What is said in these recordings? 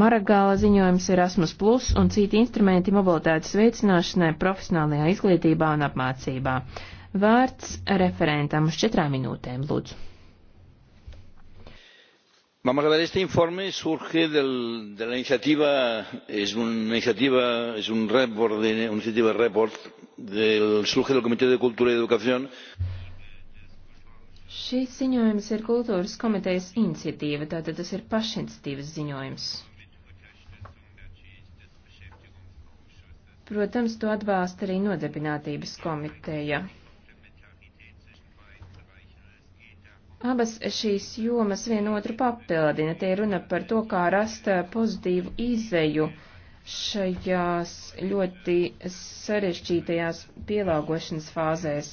Maragāla ziņojums Erasmus Plus un citi instrumenti mobilitātes veicināšanai profesionālajā izglītībā un apmācībā. Vārds referentam uz četrām minūtēm, lūdzu. Vamos a ver, este informe surge del, de la iniciativa, es una iniciativa, es un report, de, una iniciativa report, del, surge del Comité de Cultura y Educación. Šis ziņojums ir kultūras komitejas iniciatīva, tātad tas ir pašiniciatīvas ziņojums. Protams, to atbalsta arī nodarbinātības komiteja. Abas šīs jomas vienotru papildina. Tie runa par to, kā rast pozitīvu izēju šajās ļoti sarežģītajās pielāgošanas fāzēs.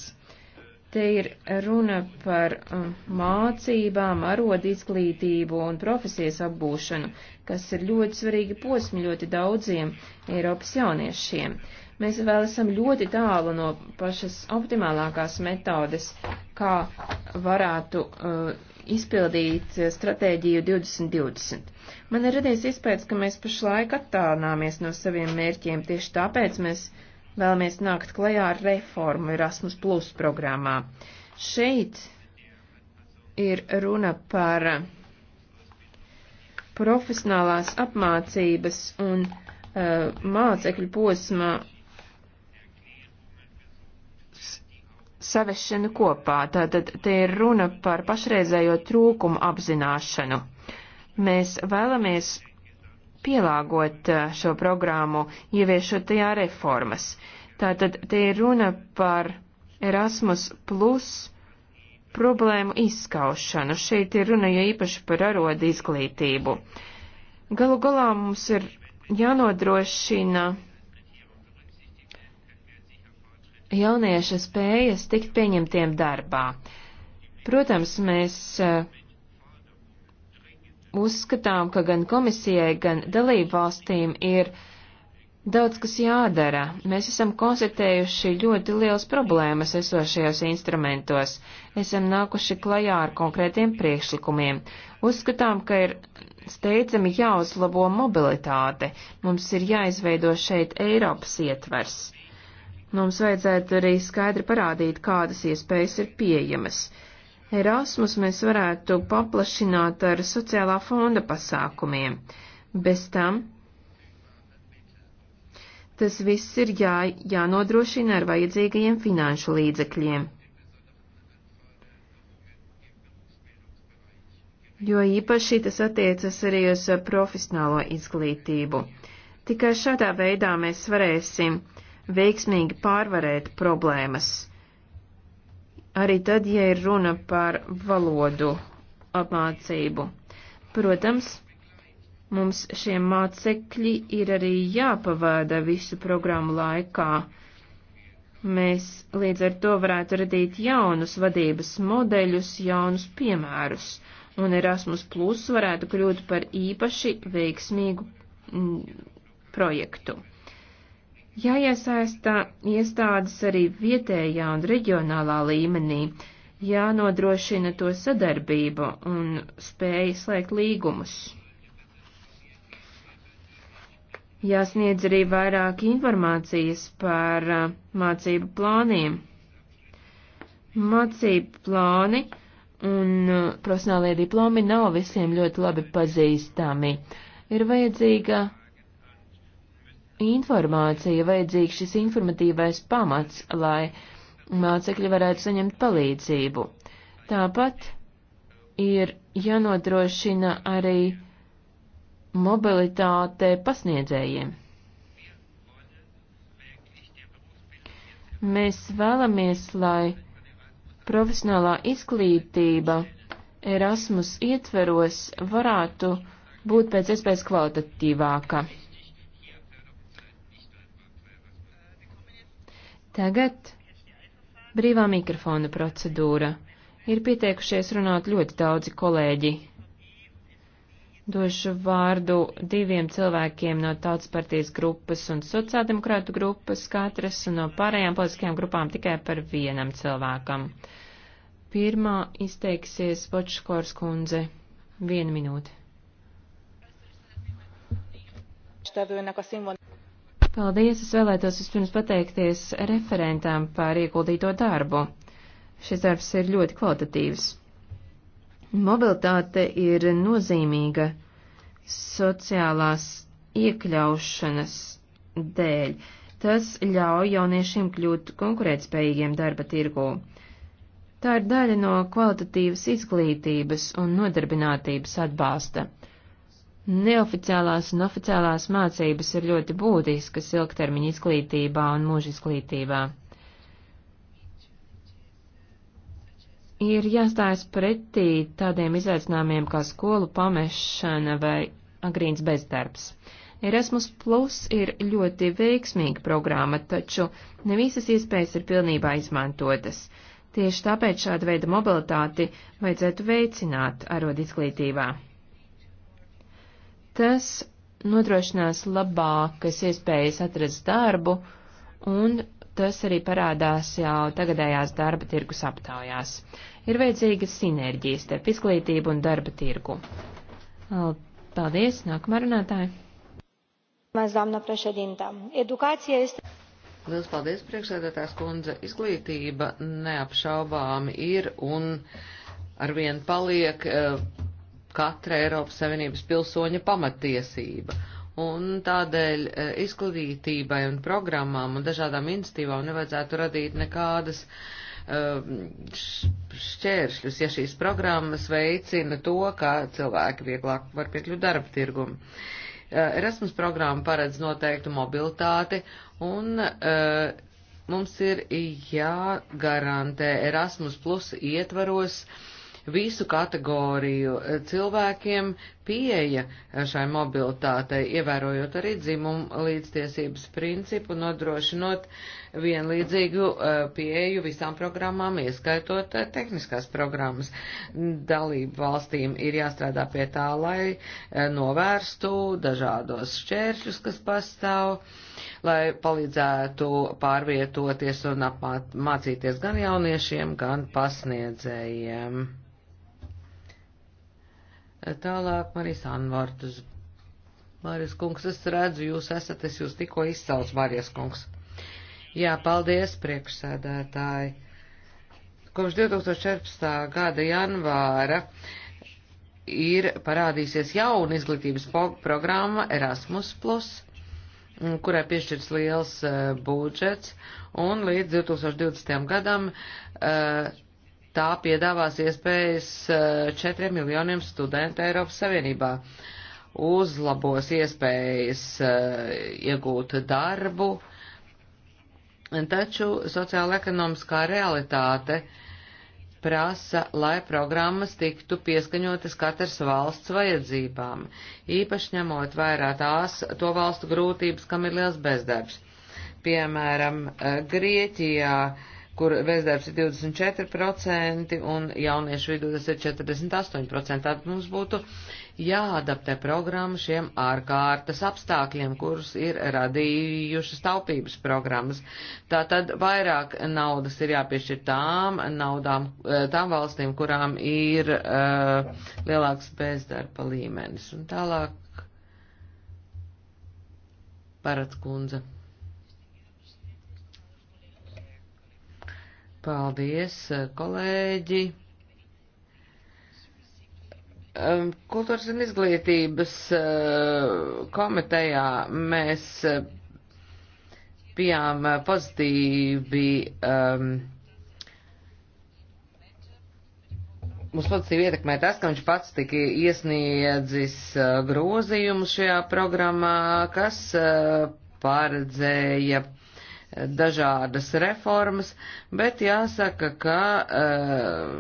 Te ir runa par um, mācībām, arodu izglītību un profesijas apgūšanu, kas ir ļoti svarīgi posmi ļoti daudziem Eiropas jauniešiem. Mēs vēl esam ļoti tālu no pašas optimālākās metodes, kā varētu uh, izpildīt stratēģiju 2020. Man ir radies iespējas, ka mēs pašlaik attālināmies no saviem mērķiem, tieši tāpēc mēs uh, vēlamies nākt klajā ar reformu Erasmus Plus programmā. Šeit ir runa par profesionālās apmācības un uh, mācekļu posma savešanu kopā. Tātad te ir runa par pašreizējo trūkumu apzināšanu. Mēs vēlamies pielāgot eh, šo programmu, ieviešot tajā reformas. Tātad te ir runa par Erasmus plus problēmu izskaušanu. Šeit ir runa jau īpaši par arodu izglītību. Galu galā mums ir jānodrošina jaunieša spējas tikt pieņemtiem darbā. Protams, mēs uh, uzskatām, ka gan komisijai, gan dalību valstīm ir daudz kas jādara. Mēs esam konstatējuši ļoti liels problēmas esošajos instrumentos. Esam nākuši klajā ar konkrētiem priekšlikumiem. Uzskatām, ka ir steidzami jāuzlabo mobilitāte. Mums ir jāizveido šeit Eiropas ietvers. Mums vajadzētu arī skaidri parādīt, kādas iespējas ir pieejamas. Erasmus mēs varētu paplašināt ar sociālā fonda pasākumiem. Bez tam tas viss ir jā, jānodrošina ar vajadzīgajiem finanšu līdzekļiem. Jo īpaši tas attiecas arī uz profesionālo izglītību. Tikai šādā veidā mēs varēsim veiksmīgi pārvarēt problēmas arī tad, ja ir runa par valodu apmācību. Protams, mums šie mācekļi ir arī jāpavada visu programmu laikā. Mēs līdz ar to varētu radīt jaunus vadības modeļus, jaunus piemērus, un Erasmus Plus varētu kļūt par īpaši veiksmīgu m, mm, projektu. Jāiesaista iestādes arī vietējā un reģionālā līmenī, jānodrošina to sadarbība un spēja slēgt līgumus. Jāsniedz arī vairāk informācijas par uh, mācību plāniem. Mācību plāni un uh, profesionālie diplomi nav visiem ļoti labi pazīstami. Ir vajadzīga informācija, vajadzīgs šis informatīvais pamats, lai mācekļi varētu saņemt palīdzību. Tāpat ir jānodrošina arī mobilitāte pasniedzējiem. Mēs vēlamies, lai profesionālā izglītība Erasmus ietveros varētu būt pēc iespējas kvalitatīvāka. Tagad brīvā mikrofona procedūra. Ir pieteikušies runāt ļoti daudzi kolēģi. Došu vārdu diviem cilvēkiem no Tautas partijas grupas un sociāldemokrātu grupas katras un no pārējām politiskajām grupām tikai par vienam cilvēkam. Pirmā izteiksies Bočkors kundze. Viena minūte. Paldies! Es vēlētos vispirms pateikties referentām par ieguldīto darbu. Šis darbs ir ļoti kvalitatīvs. Mobilitāte ir nozīmīga sociālās iekļaušanas dēļ. Tas ļauj jauniešiem kļūt konkurētspējīgiem darba tirgū. Tā ir daļa no kvalitatīvas izglītības un nodarbinātības atbalsta. Neoficiālās un oficiālās mācības ir ļoti būtiskas ilgtermiņa izglītībā un mūža izglītībā. Ir jāstājas pretī tādiem izaicinājumiem kā skolu pamešana vai agrīns bezdarbs. Erasmus Plus ir ļoti veiksmīga programma, taču ne visas iespējas ir pilnībā izmantotas. Tieši tāpēc šāda veida mobilitāti vajadzētu veicināt arod izglītībā. Tas nodrošinās labākas iespējas atrast darbu, un tas arī parādās jau tagadējās darba tirgus aptaujās. Ir vajadzīga sinerģija starp izglītību un darba tirgu. Paldies, nākamā runātāja. Mēs, dāmna prešedintā, edukācija ir. Liels paldies, priekšsēdētājs kundze. Izglītība neapšaubāmi ir un arvien paliek. Uh, katra Eiropas Savienības pilsoņa pamatiesība. Un tādēļ e, izglītībai un programmām un dažādām institīvām nevajadzētu radīt nekādas e, šķēršļus, ja šīs programmas veicina to, ka cilvēki vieglāk var piekļūt darba tirgumu. E, Erasmus programma paredz noteiktu mobilitāti un mums ir jāgarantē Erasmus plus ietvaros uh, visu kategoriju eh, cilvēkiem pieeja šai mobilitātei, ievērojot arī dzimumu līdztiesības principu, nodrošinot vienlīdzīgu eh, pieeju visām programmām, ieskaitot eh, tehniskās programmas. Dalību valstīm ir jāstrādā pie tā, lai novērstu dažādos šķēršļus, kas pastāv, lai palīdzētu pārvietoties un apmācīties gan jauniešiem, gan pasniedzējiem. Tālāk Marijas Anvartus. Marijas kungs, es redzu, jūs esat, es jūs tikko izcels, Marijas kungs. Jā, paldies, priekšsēdētāji. Kopš 2014. gada janvāra ir parādīsies jauna izglītības programma Erasmus, mm, kurai piešķirs liels uh, budžets, un līdz 2020. gadam uh, tā piedāvās iespējas 4 eh, miljoniem studentu Eiropas Savienībā, uzlabos iespējas eh, iegūt darbu, taču sociāla-ekonomiskā realitāte prasa, lai programmas tiktu pieskaņotas katras valsts vajadzībām, īpaši ņemot vērā tās to valstu grūtības, kam ir liels bezdarbs. Piemēram, eh, Grieķijā uh, kur bezdarbs ir 24% un jauniešu vidū tas ir 48%. Tad mums būtu jāadaptē programma šiem ārkārtas apstākļiem, kurus ir radījušas taupības programmas. Tātad vairāk naudas ir jāpiešķir tām naudām, eh, tām valstīm, kurām ir uh, lielāks bezdarba līmenis. Un tālāk. Parats kundze. Paldies, eh, kolēģi! Kultūras un izglītības eh, komitejā mēs eh, bijām pozitīvi, um, mums pozitīvi ietekmē tas, ka viņš pats tika iesniedzis grozījumus šajā programmā, kas paredzēja dažādas reformas, bet jāsaka, ka uh,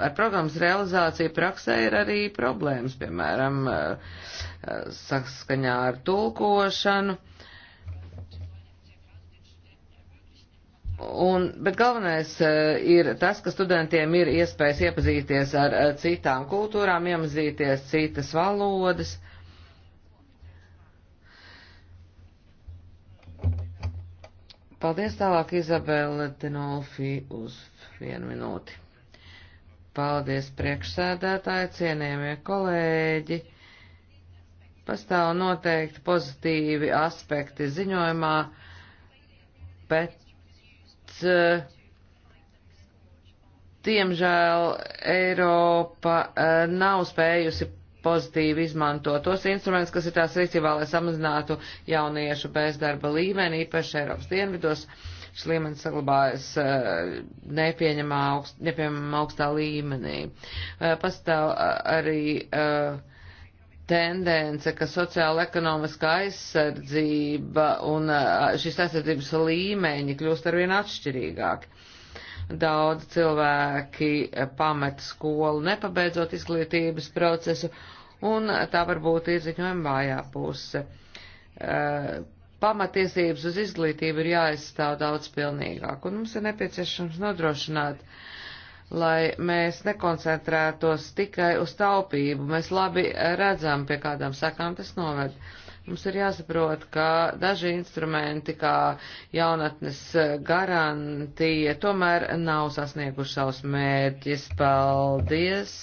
ar programmas realizāciju praksē ir arī problēmas, piemēram, uh, saskaņā ar tulkošanu. Un, bet galvenais uh, ir tas, ka studentiem ir iespējas iepazīties ar uh, citām kultūrām, iemazīties citas valodas, Paldies tālāk Izabela Denolfi uz vienu minūti. Paldies priekšsēdētāji, cienījamie kolēģi. Pastāv noteikti pozitīvi aspekti ziņojumā, bet, diemžēl, eh, Eiropa eh, nav spējusi pozitīvi izmanto tos instrumentus, kas ir tās rīcībā, lai samazinātu jauniešu bezdarba līmeni, īpaši Eiropas dienvidos. Šis līmenis saglabājas eh, nepieņemā, augst, nepieņemā augstā līmenī. Eh, pastāv eh, arī tendence, ka sociāla ekonomiskā aizsardzība un šis aizsardzības līmeņi kļūst arvien atšķirīgāki Daudz cilvēki pamet skolu, nepabeidzot izglītības procesu, un tā varbūt ir ziņojuma vājā puse. Eh, pamatiesības uz izglītību ir jāizstāv daudz pilnīgāk, un mums ir nepieciešams nodrošināt, lai mēs nekoncentrētos tikai uz taupību. Mēs labi redzam, pie kādām sakām tas noved. Uh, Mums ir jāsaprot, ka daži instrumenti, kā jaunatnes garantija, tomēr nav sasnieguši savus mērķus. Paldies!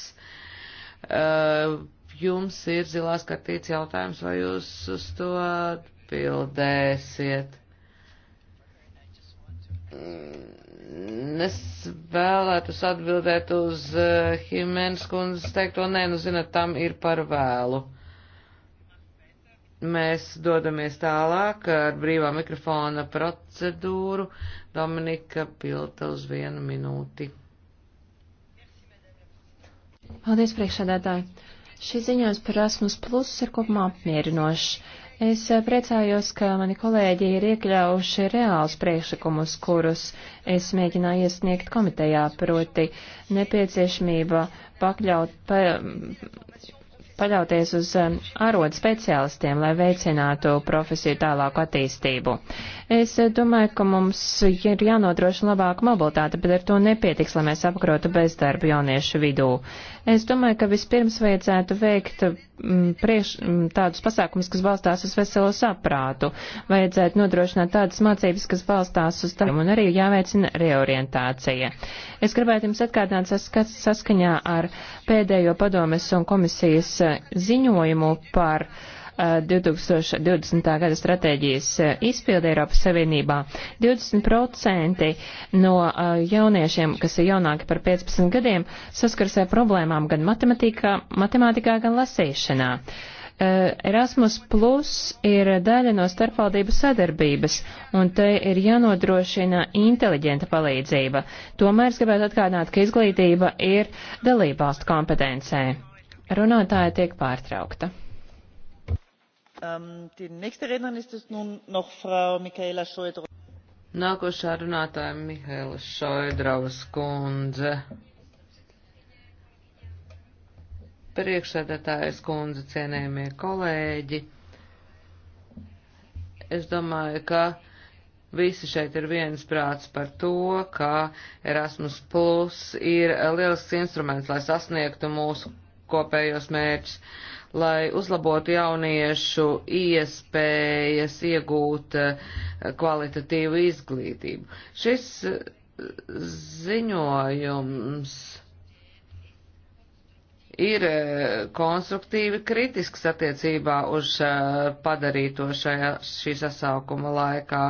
Uh, jums ir zilās kartīts jautājums, vai jūs uz to atbildēsiet? Mm, es vēlētos atbildēt uz Himēnas uh, kundzes teikto, nē, nu zinat, tam ir par vēlu. Uh, mēs dodamies tālāk ar brīvā mikrofona procedūru. Dominika Pilta uz vienu minūti. Paldies, priekšsēdētāji. Šī ziņojums par Erasmus Plus ir kopumā apmierinošs. Es eh, priecājos, ka mani kolēģi ir iekļaujuši reāls priekšlikumus, kurus es mēģināju iesniegt komitejā, proti nepieciešamība pakļaut, pa, paļauties uz arodu um, speciālistiem, lai veicinātu profesiju tālāku attīstību. Es eh, domāju, ka mums ir jānodrošina labāka mobilitāte, bet ar to nepietiks, lai mēs apkarotu bezdarbu jauniešu vidū. Es domāju, ka vispirms vajadzētu veikt Mm, prieš, mm, tādus pasākumus, kas balstās uz veselo saprātu. Vajadzētu nodrošināt tādas mācības, kas balstās uz tādiem, un arī jāveicina reorientācija. Es gribētu jums atkārtināt saskat, saskaņā ar pēdējo padomes un komisijas eh, ziņojumu par uh, 2020. gada stratēģijas eh, izpildi Eiropas Savienībā. 20% no eh, jauniešiem, kas ir jaunāki par 15 gadiem, saskars ar problēmām gan matemātikā, matemātikā gan lasīšanā. Eh, Erasmus Plus ir daļa no starpvaldības sadarbības, un te ir jānodrošina inteliģenta palīdzība. Tomēr es gribētu atgādināt, ka izglītība ir dalībvalstu kompetencē. Runātāja tiek pārtraukta. Ähm, Nākošā runātāja Mihaila Šoidravas kundze. Priekšsēdētājas kundze, cienējamie kolēģi. Es domāju, ka visi šeit ir viensprāts par to, ka Erasmus Plus ir lielisks instruments, lai sasniegtu mūsu kopējos mērķus lai uzlabotu jauniešu iespējas iegūt eh, kvalitatīvu izglītību. Šis eh, ziņojums ir eh, konstruktīvi kritisks attiecībā uz padarīto šajā, šī sasaukuma laikā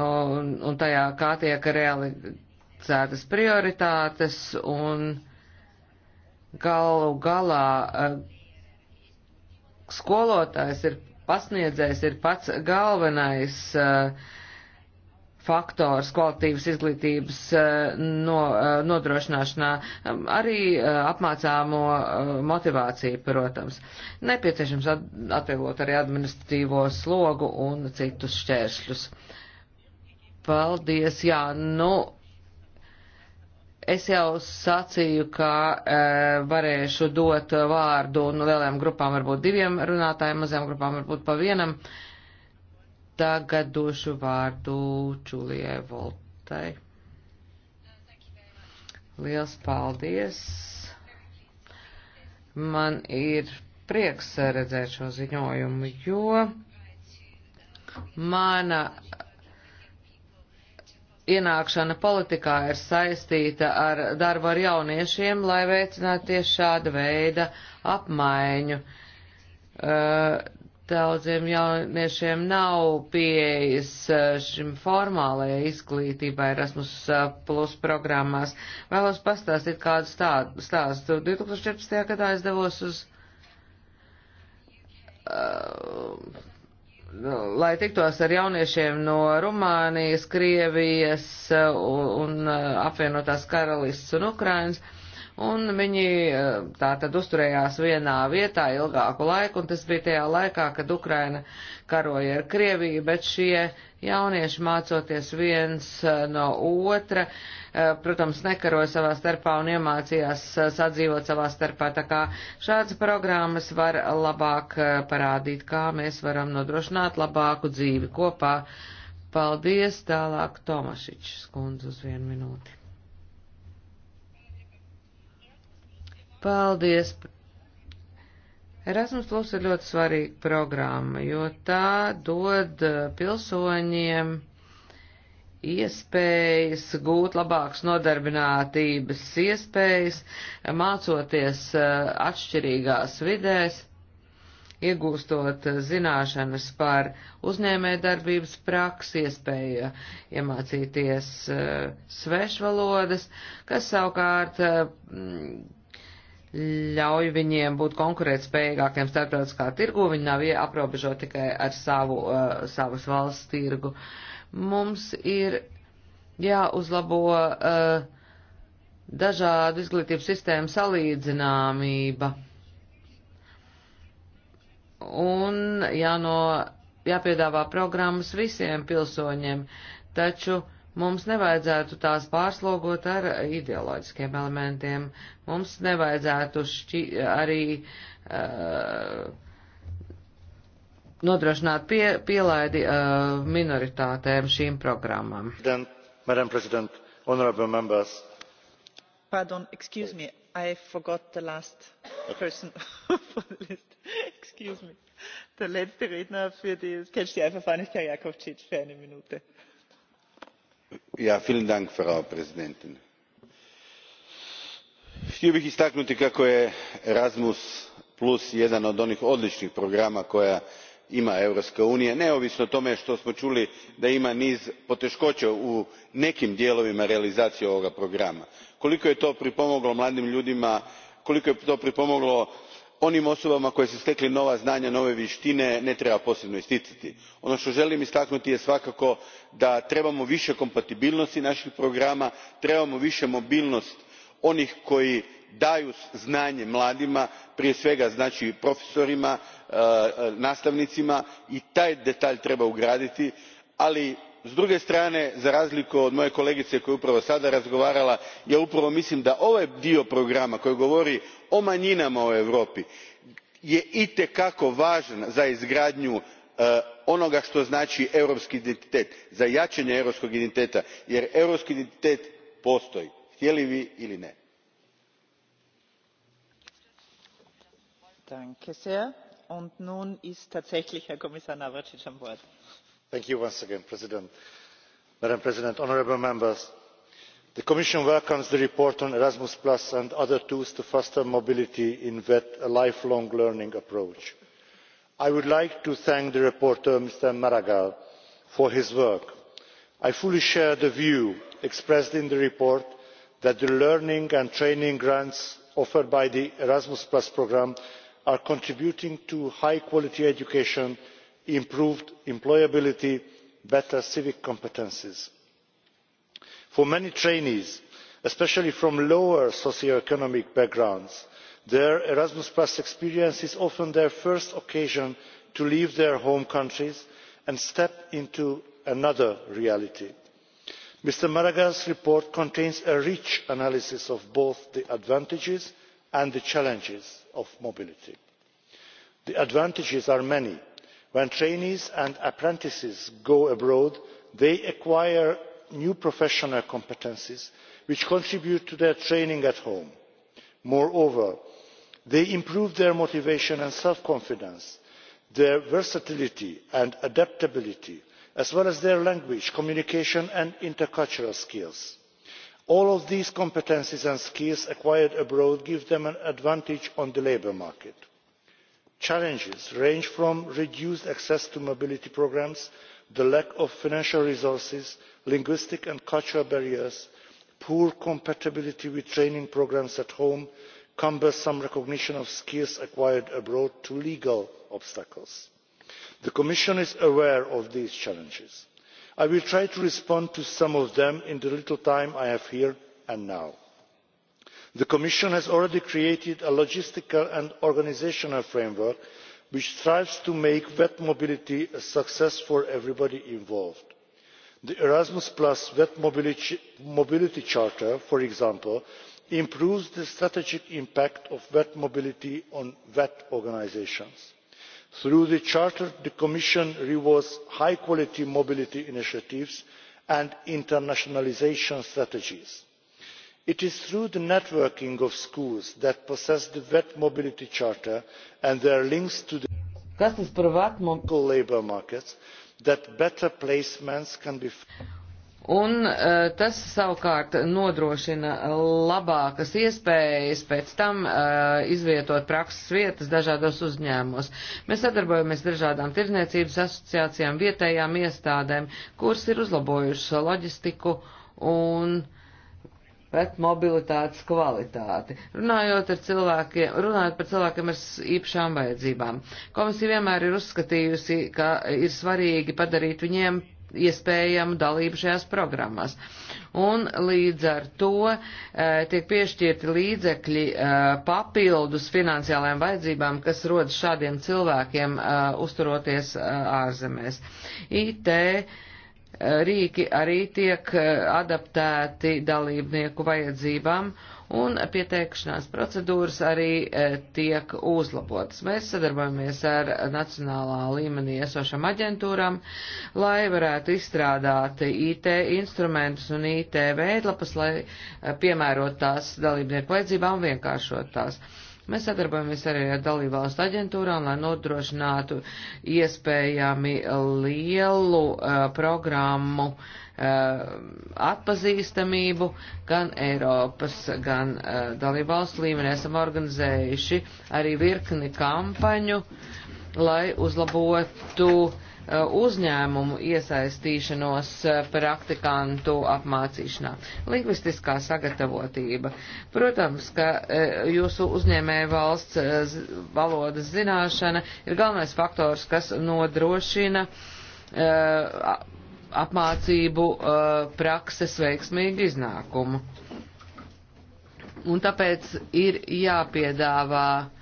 un, un tajā, kā tiek realizētas prioritātes un galu galā skolotājs ir pasniedzējs, ir pats galvenais uh, faktors kvalitīvas izglītības eh, no, eh, nodrošināšanā, arī apmācāmo motivāciju, protams. Nepieciešams atvieglot arī administratīvo slogu un citus šķēršļus. Paldies, jā, nu, Es jau sacīju, ka e, varēšu dot vārdu nu, lielajām grupām, varbūt diviem runātājiem, mazajām grupām, varbūt pa vienam. Tagad došu vārdu Čulijai Voltai. Liels paldies! Man ir prieks redzēt šo ziņojumu, jo mana ienākšana politikā ir saistīta ar darbu ar jauniešiem, lai veicinātu tieši šāda veida apmaiņu. Eh, daudziem jauniešiem nav pieejas eh, šim formālajai izglītībai Erasmus eh, Plus programmās. Vēlos pastāstīt kādu stāstu. 2014. gadā es devos uz uh, lai tiktos ar jauniešiem no Rumānijas, Krievijas uh, un uh, apvienotās karalists un Ukrainas un viņi eh, tā tad uzturējās vienā vietā ilgāku laiku, un tas bija tajā laikā, kad Ukraina karoja ar Krieviju, bet šie jaunieši mācoties viens eh, no otra, eh, protams, nekaroja savā starpā un iemācījās sadzīvot savā starpā, tā kā šādas programmas var labāk parādīt, kā mēs varam nodrošināt labāku dzīvi kopā. Paldies, tālāk Tomašičs kundze uz vienu minūti. Paldies! Erasmus Plus ir ļoti svarīga programma, jo tā dod eh, pilsoņiem iespējas gūt labākas nodarbinātības iespējas, mācoties eh, atšķirīgās vidēs, iegūstot eh, zināšanas par uzņēmējdarbības praksi, iespēja iemācīties svešvalodas, kas savukārt ļauj viņiem būt konkurētspējīgākiem starptautiskā tirgu, viņi nav aprobežoti tikai ar savu, uh, savas valsts tirgu. Mums ir jāuzlabo uh, dažādu izglītības sistēmu salīdzināmība un jāno, jāpiedāvā programmas visiem pilsoņiem, taču uh, Mums nevajadzētu tās pārslogot ar ideoloģiskiem elementiem. Mums nevajadzētu šķi, arī uh, nodrošināt pie, pielaidi uh, minoritātēm šīm programmām. Madam President, honorable members. Pardon, excuse me, I forgot the last person for the list. Excuse me. Der letzte Redner für das Catch the Eye Verfahren ist Herr Jakovcic für eine Minute gospođo predsjednice htio bih istaknuti kako je erasmus jedan od onih odličnih programa koje ima europska unija neovisno o tome što smo čuli da ima niz poteškoća u nekim dijelovima realizacije ovoga programa. koliko je to pripomoglo mladim ljudima koliko je to pripomoglo onim osobama koje su stekle nova znanja nove vještine ne treba posebno isticati. ono što želim istaknuti je svakako da trebamo više kompatibilnosti naših programa trebamo više mobilnosti onih koji daju znanje mladima prije svega znači profesorima e, e, nastavnicima i taj detalj treba ugraditi ali s druge strane za razliku od moje kolegice koja je upravo sada razgovarala ja upravo mislim da ovaj dio programa koji govori o manjinama u europi je itekako važan za izgradnju eh, onoga što znači europski identitet za jačanje europskog identiteta jer europski identitet postoji htjeli vi ili ne. frau präsidentin herr kommissar navracsics! madam president honourable members the commission welcomes the report on erasmus and other tools to foster mobility in e a lifelong learning approach. i would like to thank the rapporteur mr maragall for his work. i fully share the view expressed in the report that the learning and training grants offered by the erasmus programme are contributing to high quality education improved employability better civic competences. for many trainees especially from lower socio economic backgrounds their erasmus experience is often their first occasion to leave their home countries and step into another reality. mr maragall's report contains a rich analysis of both the advantages and the challenges of mobility. the advantages are many when trainees and apprentices go abroad they acquire new professional competences which contribute to their training at home. moreover they improve their motivation and self confidence their versatility and adaptability as well as their language communication and intercultural skills. all of these competences and skills acquired abroad give them an advantage on the labour market challenges range from reduced access to mobility programmes the lack of financial resources linguistic and cultural barriers poor compatibility with training programmes at home cumbersome recognition of skills acquired abroad to legal obstacles. the commission is aware of these challenges. i will try to respond to some of them in the little time i have here and now the commission has already created a logistical and organisational framework which strives to make vet mobility a success for everybody involved. the erasmus vet mobility charter for example improves the strategic impact of vet mobility on vet organisations. through the charter the commission rewards high quality mobility initiatives and internationalisation strategies it is through the networking of schools that possess the vet mobility charter and their links to the local labour markets that better placements can be. Un uh, tas savukārt nodrošina labākas iespējas pēc tam uh, izvietot prakses vietas dažādos uzņēmumos. Mēs sadarbojamies dažādām tirzniecības asociācijām, vietējām iestādēm, kuras ir uzlabojušas loģistiku un uh, bet mobilitātes kvalitāti. Runājot, ar cilvēkiem, runājot par cilvēkiem ar īpašām vajadzībām, komisija vienmēr ir uzskatījusi, ka ir svarīgi padarīt viņiem iespējamu dalību šajās programmās. Un līdz ar to e, tiek piešķirti līdzekļi e, papildus finansiālajām vajadzībām, kas rodas šādiem cilvēkiem e, uzturoties e, ārzemēs. IT e, rīki arī tiek eh, adaptēti dalībnieku vajadzībām, un pieteikšanās procedūras arī eh, tiek uzlabotas. Mēs sadarbojamies ar nacionālā līmenī esošam aģentūram, lai varētu izstrādāt IT instrumentus un IT veidlapas, lai eh, piemērot tās dalībnieku vajadzībām un vienkāršot tās. Mēs sadarbojamies arī ar dalībvalstu aģentūrām, lai nodrošinātu iespējami lielu uh, programmu uh, atpazīstamību gan Eiropas, gan uh, dalībvalstu līmenī. Esam organizējuši arī virkni kampaņu, lai uzlabotu uh, uzņēmumu iesaistīšanos eh, praktikantu apmācīšanā. Lingvistiskā sagatavotība. Protams, ka eh, jūsu uzņēmēja valsts eh, valodas zināšana ir galvenais faktors, kas nodrošina apmācību prakses veiksmīgu iznākumu. Un tāpēc ir jāpiedāvā uh,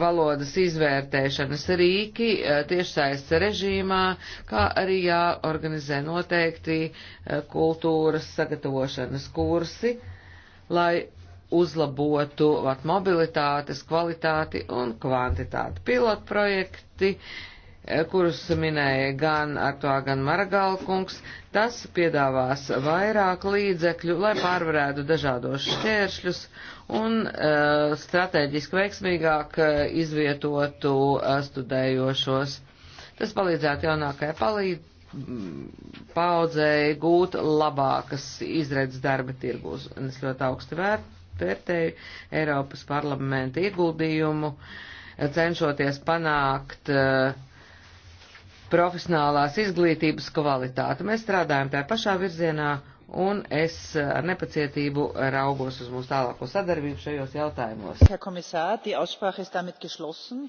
valodas izvērtēšanas rīki eh, tiešsaistes režīmā, kā arī jāorganizē noteikti eh, kultūras sagatavošanas kursi, lai uzlabotu vat mobilitātes kvalitāti un kvantitāti. Pilotprojekti Eh, kurus minēja gan Artoā, gan Maragalkungs, tas piedāvās vairāk līdzekļu, lai pārvarētu dažādos šķēršļus un uh, strateģiski veiksmīgāk uh, izvietotu uh, studējošos. Tas palīdzētu jaunākajai palīdz paudzēji gūt labākas izredzes darba tirgūs. Un es ļoti augstu vērtēju Eiropas parlamenta ieguldījumu, cenšoties panākt uh, profesionālās izglītības kvalitāti. Mēs strādājam tajā pašā virzienā, un es eh, ar nepacietību raugos uz mūsu tālāko sadarbību šajos jautājumos.